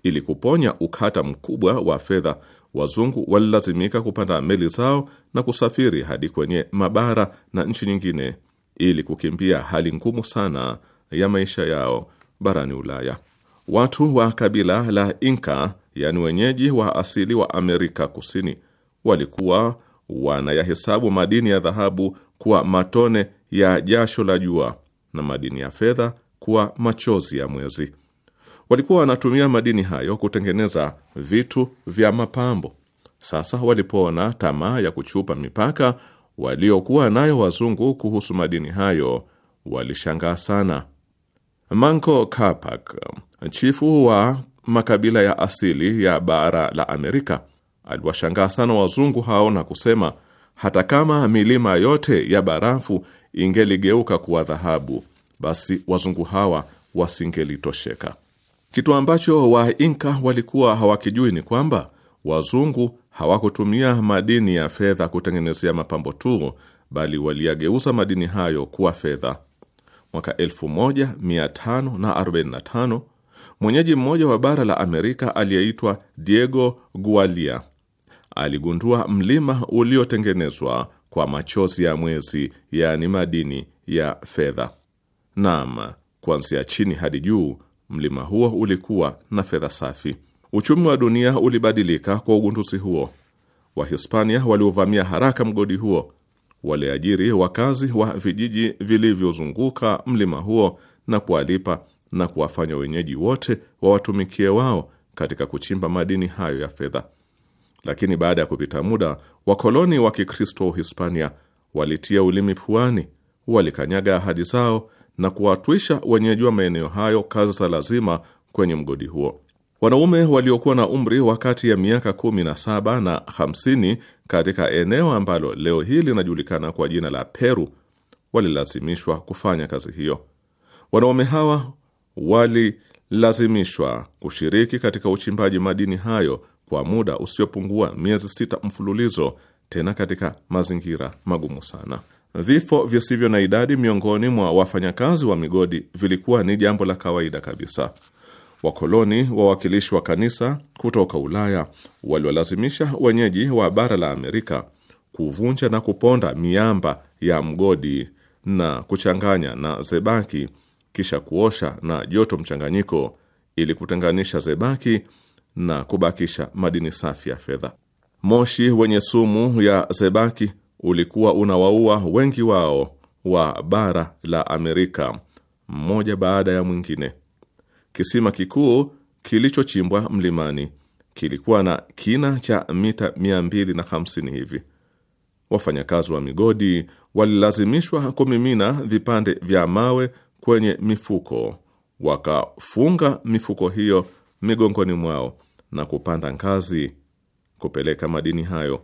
Speaker 1: Ili kuponya ukata mkubwa wa fedha, wazungu walilazimika kupanda meli zao na kusafiri hadi kwenye mabara na nchi nyingine ili kukimbia hali ngumu sana ya maisha yao barani Ulaya. Watu wa kabila la Inka, yaani wenyeji wa asili wa Amerika Kusini, walikuwa wanayahesabu madini ya dhahabu kuwa matone ya jasho la jua na madini ya fedha kuwa machozi ya mwezi. Walikuwa wanatumia madini hayo kutengeneza vitu vya mapambo. Sasa walipoona tamaa ya kuchupa mipaka waliokuwa nayo wazungu kuhusu madini hayo, walishangaa sana. Manco Capac, chifu wa makabila ya asili ya bara la Amerika, aliwashangaa sana wazungu hao na kusema, hata kama milima yote ya barafu ingeligeuka kuwa dhahabu, basi wazungu hawa wasingelitosheka. Kitu ambacho Wainka walikuwa hawakijui ni kwamba wazungu hawakutumia madini ya fedha kutengenezea mapambo tu, bali waliyageuza madini hayo kuwa fedha mwaka 1545 mwenyeji mmoja wa bara la Amerika aliyeitwa Diego Gualia aligundua mlima uliotengenezwa kwa machozi ya mwezi, yaani madini ya fedha. Naam, kuanzia chini hadi juu, mlima huo ulikuwa na fedha safi. Uchumi wa dunia ulibadilika kwa ugunduzi huo. Wahispania waliovamia haraka mgodi huo waliajiri wakazi wa vijiji vilivyozunguka mlima huo na kuwalipa na kuwafanya wenyeji wote wawatumikie wao katika kuchimba madini hayo ya fedha. Lakini baada ya kupita muda, wakoloni wa Kikristo Hispania walitia ulimi puani, walikanyaga ahadi zao na kuwatwisha wenyeji wa maeneo hayo kazi za lazima kwenye mgodi huo. Wanaume waliokuwa na umri wa kati ya miaka kumi na saba na hamsini katika eneo ambalo leo hii linajulikana kwa jina la Peru walilazimishwa kufanya kazi hiyo. Wanaume hawa walilazimishwa kushiriki katika uchimbaji madini hayo kwa muda usiopungua miezi sita mfululizo, tena katika mazingira magumu sana. Vifo visivyo na idadi miongoni mwa wafanyakazi wa migodi vilikuwa ni jambo la kawaida kabisa wakoloni wawakilishi wa kanisa kutoka Ulaya waliwalazimisha wenyeji wa bara la Amerika kuvunja na kuponda miamba ya mgodi na kuchanganya na zebaki, kisha kuosha na joto mchanganyiko ili kutenganisha zebaki na kubakisha madini safi ya fedha. Moshi wenye sumu ya zebaki ulikuwa unawaua wengi wao wa bara la Amerika mmoja baada ya mwingine. Kisima kikuu kilichochimbwa mlimani kilikuwa na kina cha mita 250 hivi. Wafanyakazi wa migodi walilazimishwa kumimina vipande vya mawe kwenye mifuko, wakafunga mifuko hiyo migongoni mwao na kupanda ngazi kupeleka madini hayo.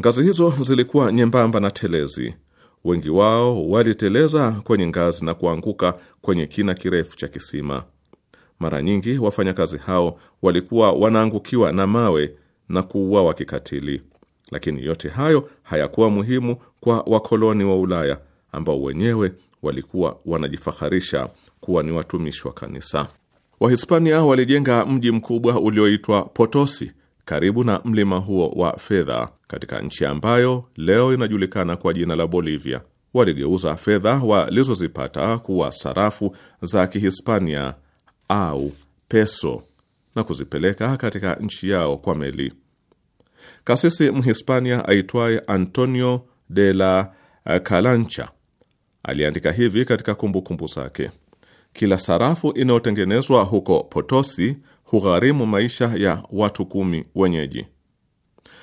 Speaker 1: Ngazi hizo zilikuwa nyembamba na telezi. Wengi wao waliteleza kwenye ngazi na kuanguka kwenye kina kirefu cha kisima. Mara nyingi wafanyakazi hao walikuwa wanaangukiwa na mawe na kuuawa kikatili, lakini yote hayo hayakuwa muhimu kwa wakoloni wa Ulaya ambao wenyewe walikuwa wanajifaharisha kuwa ni watumishi wa kanisa. Wahispania walijenga mji mkubwa ulioitwa Potosi karibu na mlima huo wa fedha katika nchi ambayo leo inajulikana kwa jina la Bolivia. Waligeuza fedha walizozipata kuwa sarafu za Kihispania au peso na kuzipeleka katika nchi yao kwa meli. Kasisi Mhispania aitwaye Antonio de la Kalancha aliandika hivi katika kumbukumbu zake: kila sarafu inayotengenezwa huko Potosi hugharimu maisha ya watu kumi wenyeji.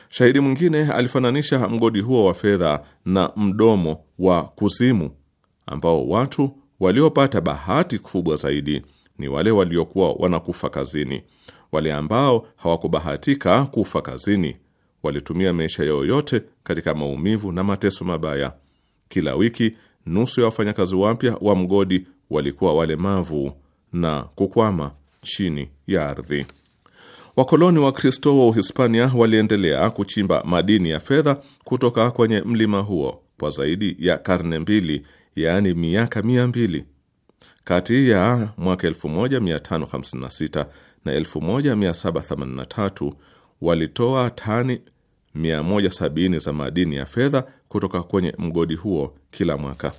Speaker 1: Shahidi mwingine alifananisha mgodi huo wa fedha na mdomo wa kuzimu ambao watu waliopata bahati kubwa zaidi ni wale waliokuwa wanakufa kazini. Wale ambao hawakubahatika kufa kazini walitumia maisha yao yote katika maumivu na mateso mabaya. Kila wiki nusu ya wafanyakazi wapya wa mgodi walikuwa walemavu na kukwama chini ya ardhi. Wakoloni wa Kristo wa Uhispania waliendelea kuchimba madini ya fedha kutoka kwenye mlima huo kwa zaidi ya karne mbili, yaani miaka mia mbili kati ya mwaka 1556 na 1783 walitoa tani 170 za madini ya fedha kutoka kwenye mgodi huo kila mwaka.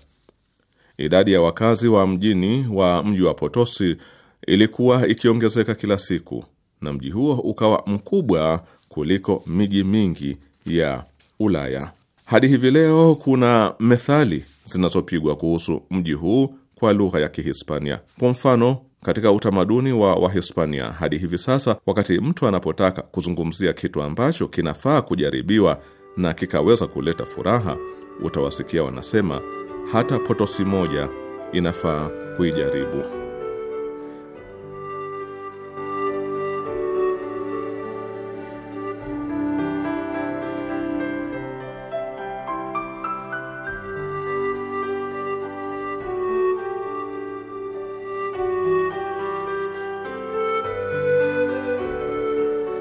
Speaker 1: Idadi ya wakazi wa mjini wa mji wa Potosi ilikuwa ikiongezeka kila siku na mji huo ukawa mkubwa kuliko miji mingi ya Ulaya. Hadi hivi leo kuna methali zinazopigwa kuhusu mji huu kwa lugha ya Kihispania. Kwa mfano, katika utamaduni wa Wahispania hadi hivi sasa, wakati mtu anapotaka kuzungumzia kitu ambacho kinafaa kujaribiwa na kikaweza kuleta furaha, utawasikia wanasema hata potosi moja inafaa kuijaribu.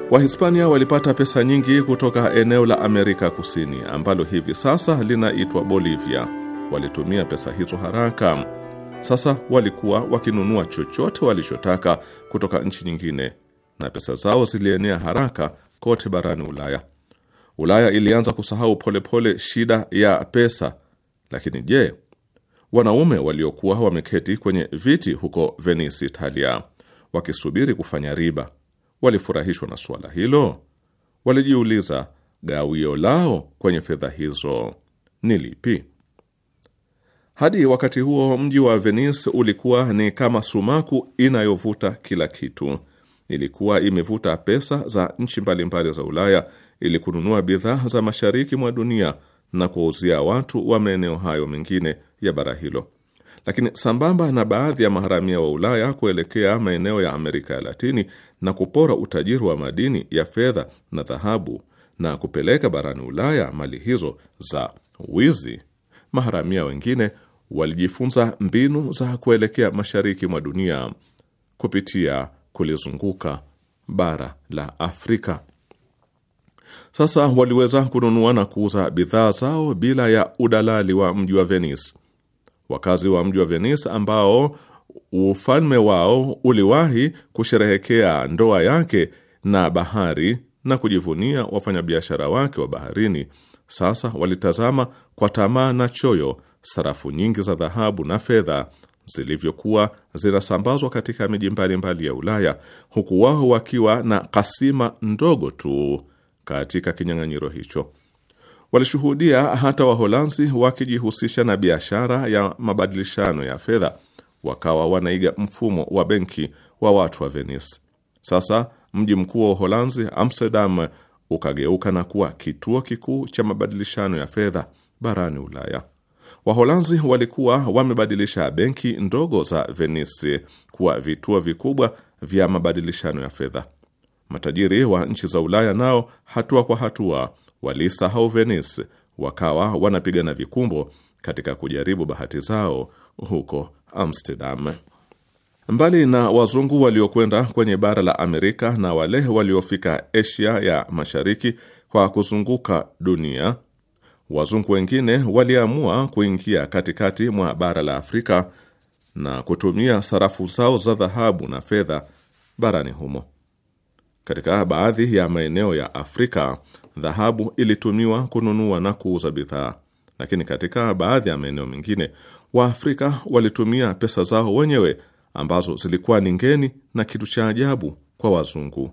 Speaker 1: Wahispania walipata pesa nyingi kutoka eneo la Amerika Kusini ambalo hivi sasa linaitwa Bolivia. Walitumia pesa hizo haraka. Sasa walikuwa wakinunua chochote walichotaka kutoka nchi nyingine, na pesa zao zilienea haraka kote barani Ulaya. Ulaya ilianza kusahau polepole pole shida ya pesa. Lakini je, wanaume waliokuwa wameketi kwenye viti huko Venice, Italia, wakisubiri kufanya riba walifurahishwa na suala hilo? Walijiuliza, gawio lao kwenye fedha hizo ni lipi? Hadi wakati huo mji wa Venice ulikuwa ni kama sumaku inayovuta kila kitu. Ilikuwa imevuta pesa za nchi mbalimbali za Ulaya ili kununua bidhaa za mashariki mwa dunia na kuwauzia watu wa maeneo hayo mengine ya bara hilo. Lakini sambamba na baadhi ya maharamia wa Ulaya kuelekea maeneo ya Amerika ya Latini na kupora utajiri wa madini ya fedha na dhahabu na kupeleka barani Ulaya mali hizo za wizi, maharamia wengine walijifunza mbinu za kuelekea mashariki mwa dunia kupitia kulizunguka bara la Afrika. Sasa waliweza kununua na kuuza bidhaa zao bila ya udalali wa mji wa Venice. Wakazi wa mji wa Venice ambao ufalme wao uliwahi kusherehekea ndoa yake na bahari na kujivunia wafanyabiashara wake wa baharini, sasa walitazama kwa tamaa na choyo sarafu nyingi za dhahabu na fedha zilivyokuwa zinasambazwa katika miji mbalimbali ya Ulaya, huku wao wakiwa na kasima ndogo tu katika kinyang'anyiro hicho. Walishuhudia hata Waholanzi wakijihusisha na biashara ya mabadilishano ya fedha, wakawa wanaiga mfumo wa benki wa watu wa Venice. Sasa mji mkuu wa Uholanzi, Amsterdam, ukageuka na kuwa kituo kikuu cha mabadilishano ya fedha barani Ulaya. Waholanzi walikuwa wamebadilisha benki ndogo za Venice kuwa vituo vikubwa vya mabadilishano ya fedha. Matajiri wa nchi za Ulaya nao hatua kwa hatua waliisahau Venice, wakawa wanapigana vikumbo katika kujaribu bahati zao huko Amsterdam. Mbali na wazungu waliokwenda kwenye bara la Amerika na wale waliofika Asia ya Mashariki kwa kuzunguka dunia, wazungu wengine waliamua kuingia katikati mwa bara la Afrika na kutumia sarafu zao za dhahabu na fedha barani humo. Katika baadhi ya maeneo ya Afrika, dhahabu ilitumiwa kununua na kuuza bidhaa, lakini katika baadhi ya maeneo mengine Waafrika walitumia pesa zao wenyewe ambazo zilikuwa ni ngeni na kitu cha ajabu kwa wazungu.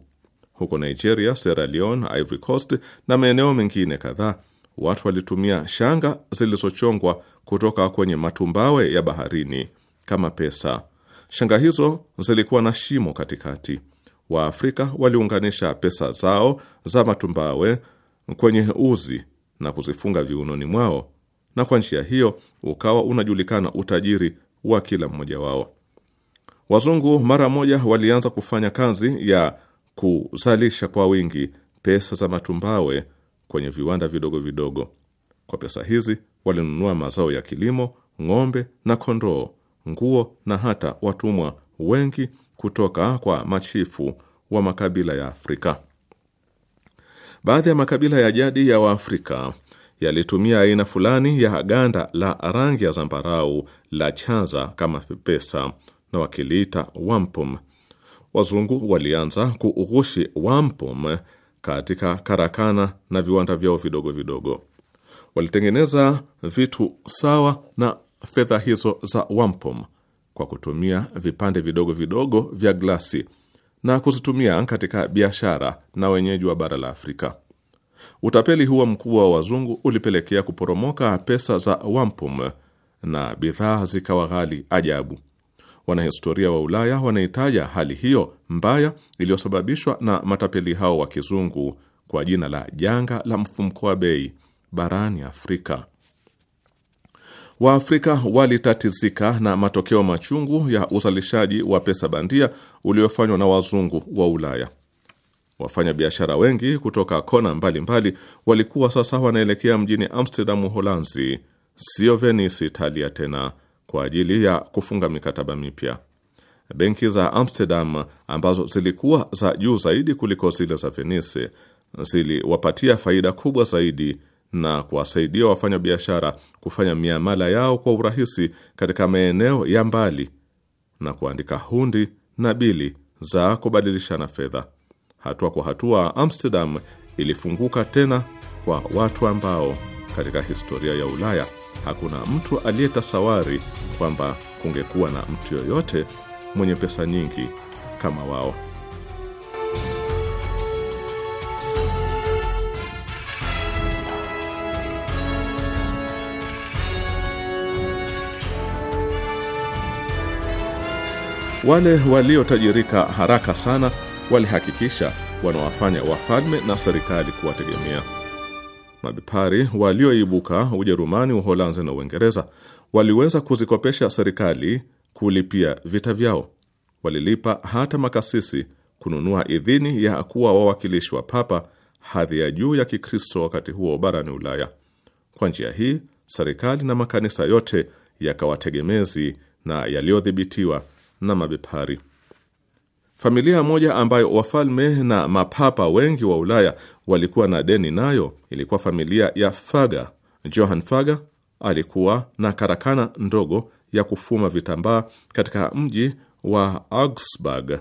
Speaker 1: Huko Nigeria, Sierra Leone, Ivory Coast na maeneo mengine kadhaa, watu walitumia shanga zilizochongwa kutoka kwenye matumbawe ya baharini kama pesa. Shanga hizo zilikuwa na shimo katikati. Waafrika waliunganisha pesa zao za matumbawe kwenye uzi na kuzifunga viunoni mwao, na kwa njia hiyo ukawa unajulikana utajiri wa kila mmoja wao. Wazungu mara moja walianza kufanya kazi ya kuzalisha kwa wingi pesa za matumbawe kwenye viwanda vidogo vidogo. Kwa pesa hizi walinunua mazao ya kilimo, ng'ombe na kondoo, nguo na hata watumwa wengi kutoka kwa machifu wa makabila ya Afrika. Baadhi ya makabila ya jadi ya Waafrika yalitumia aina fulani ya ganda la rangi ya zambarau la chaza kama pepesa na wakiliita wampum. Wazungu walianza kuughushi wampum katika karakana na viwanda vyao vidogo vidogo. Walitengeneza vitu sawa na fedha hizo za wampum kwa kutumia vipande vidogo vidogo vya glasi na kuzitumia katika biashara na wenyeji wa bara la Afrika. Utapeli huo mkubwa wa wazungu ulipelekea kuporomoka pesa za wampum na bidhaa zikawa ghali ajabu. Wanahistoria wa Ulaya wanaitaja hali hiyo mbaya iliyosababishwa na matapeli hao wa kizungu kwa jina la janga la mfumko wa bei barani Afrika Waafrika walitatizika na matokeo machungu ya uzalishaji wa pesa bandia uliofanywa na wazungu wa Ulaya. Wafanyabiashara wengi kutoka kona mbalimbali mbali walikuwa sasa wanaelekea mjini Amsterdam, Uholanzi, sio Venice, Italia tena kwa ajili ya kufunga mikataba mipya. Benki za Amsterdam ambazo zilikuwa za juu zaidi kuliko zile za Venice ziliwapatia faida kubwa zaidi na kuwasaidia wafanyabiashara kufanya miamala yao kwa urahisi katika maeneo ya mbali na kuandika hundi na bili za kubadilishana fedha. Hatua kwa hatua, Amsterdam ilifunguka tena kwa watu ambao katika historia ya Ulaya hakuna mtu aliyetasawari kwamba kungekuwa na mtu yoyote mwenye pesa nyingi kama wao. Wale waliotajirika haraka sana walihakikisha wanawafanya wafalme na serikali kuwategemea. Mabepari walioibuka Ujerumani, Uholanzi na Uingereza waliweza kuzikopesha serikali kulipia vita vyao. Walilipa hata makasisi kununua idhini ya kuwa wawakilishi wa papa, hadhi ya juu ya Kikristo wakati huo barani Ulaya. Kwa njia hii, serikali na makanisa yote yakawa tegemezi na yaliyodhibitiwa na mabepari. Familia moja ambayo wafalme na mapapa wengi wa Ulaya walikuwa na deni nayo ilikuwa familia ya Faga. Johann Faga alikuwa na karakana ndogo ya kufuma vitambaa katika mji wa Augsburg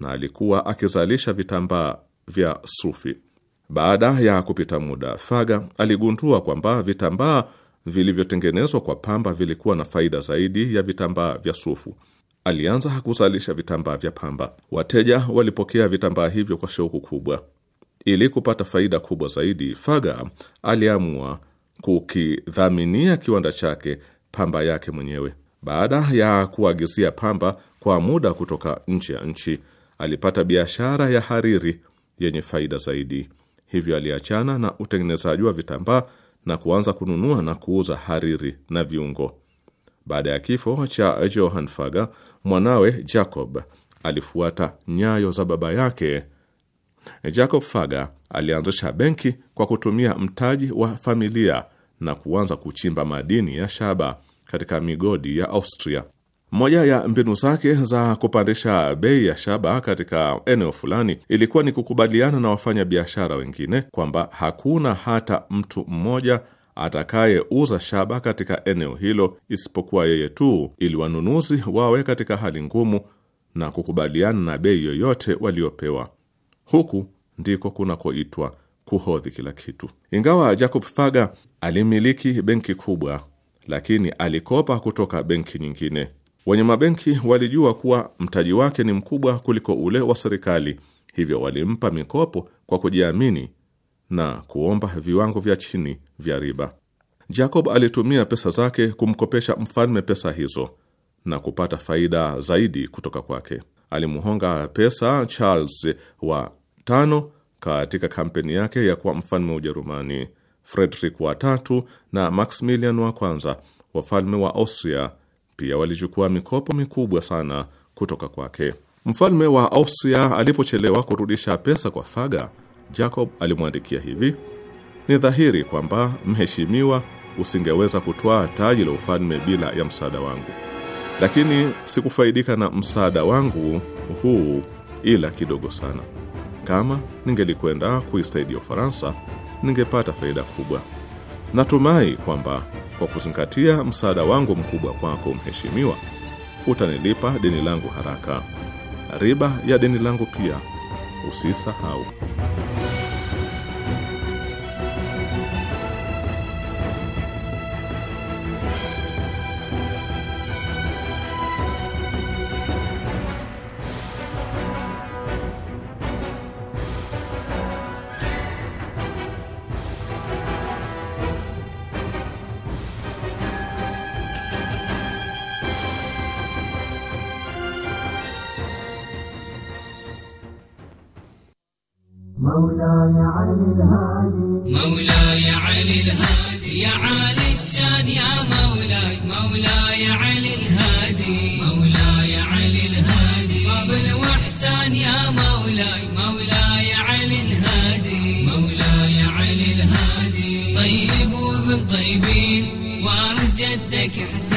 Speaker 1: na alikuwa akizalisha vitambaa vya sufi. Baada ya kupita muda, Faga aligundua kwamba vitambaa vilivyotengenezwa kwa pamba vilikuwa na faida zaidi ya vitambaa vya sufu alianza hakuzalisha vitambaa vya pamba. Wateja walipokea vitambaa hivyo kwa shauku kubwa. Ili kupata faida kubwa zaidi, Faga aliamua kukidhaminia kiwanda chake pamba yake mwenyewe. Baada ya kuagizia pamba kwa muda kutoka nje ya nchi, alipata biashara ya hariri yenye faida zaidi. Hivyo aliachana na utengenezaji wa vitambaa na kuanza kununua na kuuza hariri na viungo. Baada ya kifo cha Johann Faga, Mwanawe Jacob alifuata nyayo za baba yake. Jacob Faga alianzisha benki kwa kutumia mtaji wa familia na kuanza kuchimba madini ya shaba katika migodi ya Austria. Moja ya mbinu zake za kupandisha bei ya shaba katika eneo fulani ilikuwa ni kukubaliana na wafanyabiashara wengine kwamba hakuna hata mtu mmoja atakayeuza shaba katika eneo hilo isipokuwa yeye tu, ili wanunuzi wawe katika hali ngumu na kukubaliana na bei yoyote waliopewa. Huku ndiko kunakoitwa kuhodhi kila kitu. Ingawa Jacob Faga alimiliki benki kubwa, lakini alikopa kutoka benki nyingine. Wenye mabenki walijua kuwa mtaji wake ni mkubwa kuliko ule wa serikali, hivyo walimpa mikopo kwa kujiamini na kuomba viwango vya chini vya riba. Jacob alitumia pesa zake kumkopesha mfalme pesa hizo na kupata faida zaidi kutoka kwake. Alimhonga pesa Charles wa tano katika kampeni yake ya kuwa mfalme wa Ujerumani, Frederick wa tatu na Maximilian wa kwanza wafalme wa Austria pia walichukua mikopo mikubwa sana kutoka kwake. Mfalme wa Austria alipochelewa kurudisha pesa kwa Faga, Jacob alimwandikia hivi: ni dhahiri kwamba mheshimiwa, usingeweza kutwaa taji la ufalme bila ya msaada wangu, lakini sikufaidika na msaada wangu huu ila kidogo sana. Kama ningelikwenda kuisaidia Ufaransa, ningepata faida kubwa. Natumai kwamba kwa kuzingatia msaada wangu mkubwa kwako, mheshimiwa, utanilipa deni langu haraka, riba ya deni langu pia Cissa Sarral.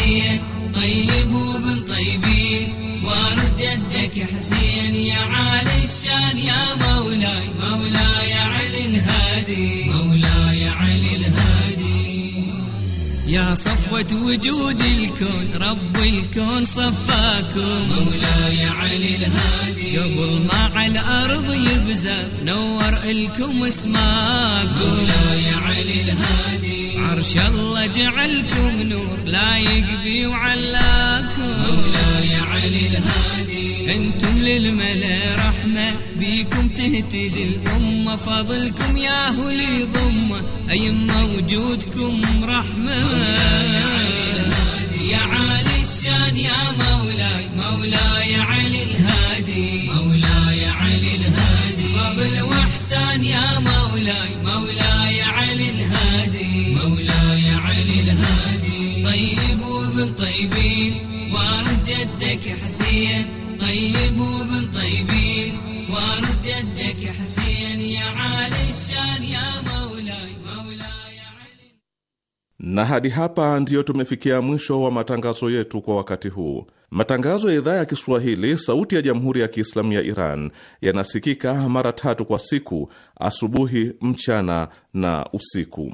Speaker 5: حسين طيب, طيب وبن طيبين وارث جدك حسين يا عالي الشان يا مولاي مولاي علي الهادي مولاي علي الهادي يا صفوة وجود الكون رب الكون صفاكم مولاي علي الهادي قبل ما على الأرض يبزى نور الكم اسماكم مولاي علي الهادي عرش الله جعلكم نور لا يقبي وعلاكم مولاي علي الهادي انتم للملا رحمة بيكم تهتدي الأمة فضلكم يا هلي ضمة أيما وجودكم رحمة مولاي علي الهادي يا عالي الشان يا مولاي مولاي علي الهادي طيب وبن طيبين وارث جدك حسين يا عالي الشان يا مولاي
Speaker 1: na hadi hapa ndiyo tumefikia mwisho wa matangazo yetu kwa wakati huu. Matangazo ya idhaa ya Kiswahili sauti ya jamhuri ya Kiislamu ya Iran yanasikika mara tatu kwa siku: asubuhi, mchana na usiku.